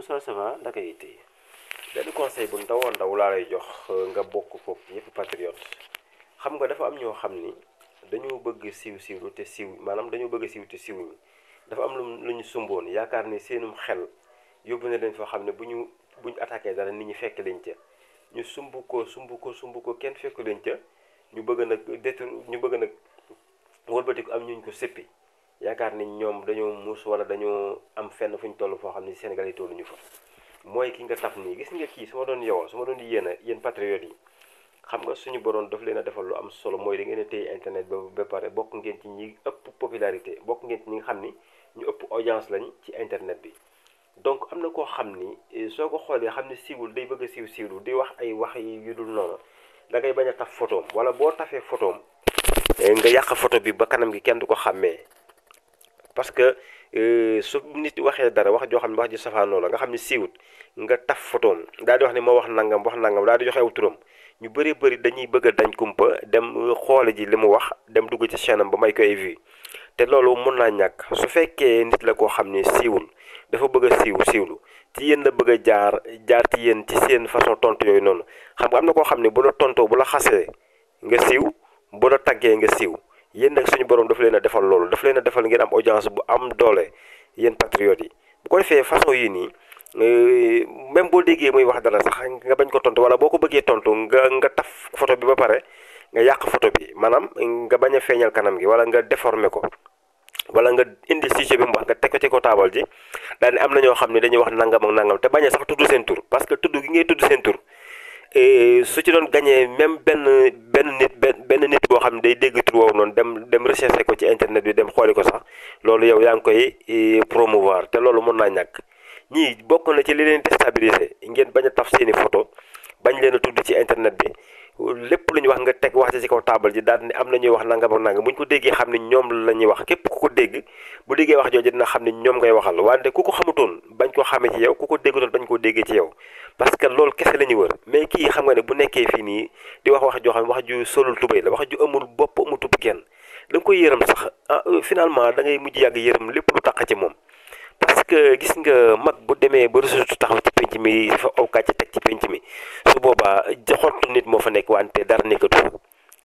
Oustaz ça va naka yi tey benn conseil bu ndaw ndaw laa lay jox euh, nga bokk ko yëpp patriote xam nga dafa am ñoo xam ni dañoo bëgg siiw siiwlu te siiw maanaam dañoo bëgg siiw te siiwuñu dafa am lu lu ñu sumboon yaakaar ni seenum xel yóbbu na leen foo xam ne bu ñu bu ñu attaqué dara nit ñi fekk leen ca ñu sumb ko sumb ko sumb ko kenn fekk leen ca ñu bëgg nag détour ñu bëgg nag wëlbati ko am ñuñ ko sëppi yaakaar ni ñoom dañoo muus wala dañoo am fenn fu ñu toll foo xam ne Sénégal yi tolluñu fa mooy kii nga taf nii gis nga kii su doon yow su ma doon yéen a yéen patriotes yi xam nga suñu borom daf leen a defal lu am solo mooy da ngeen a téye internet ba ba pare bokk ngeen ci ñi ëpp popularité bokk ngeen ci nga xam ni ñu ëpp audience lañ ci internet bi donc am na koo xam ni eh, soo ko xoolee xam ne siiwul day bëgg a siiw siiwlu di wax ay wax yu dul noonu da ngay bañ a taf photoom wala boo tafee photoom eh, nga yàq photo bi ba kanam gi kenn du ko xàmmee parce que euh, su nit waxee dara wax joo xam ne wax ji safaanoo la nga xam ne siiwut nga taf fotoom daal di wax ne moo wax nangam wax nangam daal di joxe aw ñu bëri bëri dañuy bëgg a dañ kumpa dem xoole ji li mu wax dem dugg ci chaîne ba may ko vie te loolu mën naa ñàkk su fekkee nit la koo xam ne siiwul dafa bëgg a siiw siiwlu ci yéen la bëgg a jaar jaar ci yéen ci seen façon tontu yooyu noonu xam nga am na koo xam ne bu la tontoo bu la xasee nga siiw bu la taggee nga siiw yéen nag suñu borom dafa leen a defal loolu dafa leen a defal ngeen am audience bu am doole yéen patriotes yi bu ko defee façon yi nii euh, même boo déggee muy wax dara sax nga bañ ko tontu wala boo ko bëggee tontu nga nga taf photo bi ba pare nga yàq photo bi maanaam nga bañ a feeñal kanam gi wala nga déformer ko wala nga indi sujet bi mu wax nga teg ko ci ko taabal ji daal am na ñoo xam ne dañuy wax nangam ak nangam te bañ a sax tudd seen tur parce que tudd gi ngay tudd seen su ci doon gañee même benn benn nit benn nit boo xam ne day dégg tur woowu noonu dem dem recherché ko ci internet bi dem xooli ko sax loolu yow yaa ngi koy eh, promouvoir te loolu mën naa ñàkk ñii bokk na ci li leen déstabiliser ngeen bañ a taf seeni photo bañ leen ci internet bi lépp lu ñu wax nga teg wax ci kaw taabal ji daal ne am na ñuy wax nangam ak nangam bu ñu ko déggee xam ne ñoom la wax képp ku ko dégg bu déggee wax jooju dina xam ne ñoom ngay waxal wante ku ko xamutoon bañ koo xamee ci yow ku ko déggutoon dañ koo déggee ci yow parce que loolu kese la ñuy wër mais kii xam nga ne bu nekkee fii nii di wax wax joo xam wax ju solul tubéy la wax ju amul bopp amul tub kenn da koy yërëm sax ah euh, finalement da mujj yàgg yërëm lépp lu taq ci moom parce que gis nga mag bu demee ba ressource taxaw ci penc mi dafa aw kàcce teg ci penc mi su boobaa xottu nit moo fa nekk wante dara nekkatu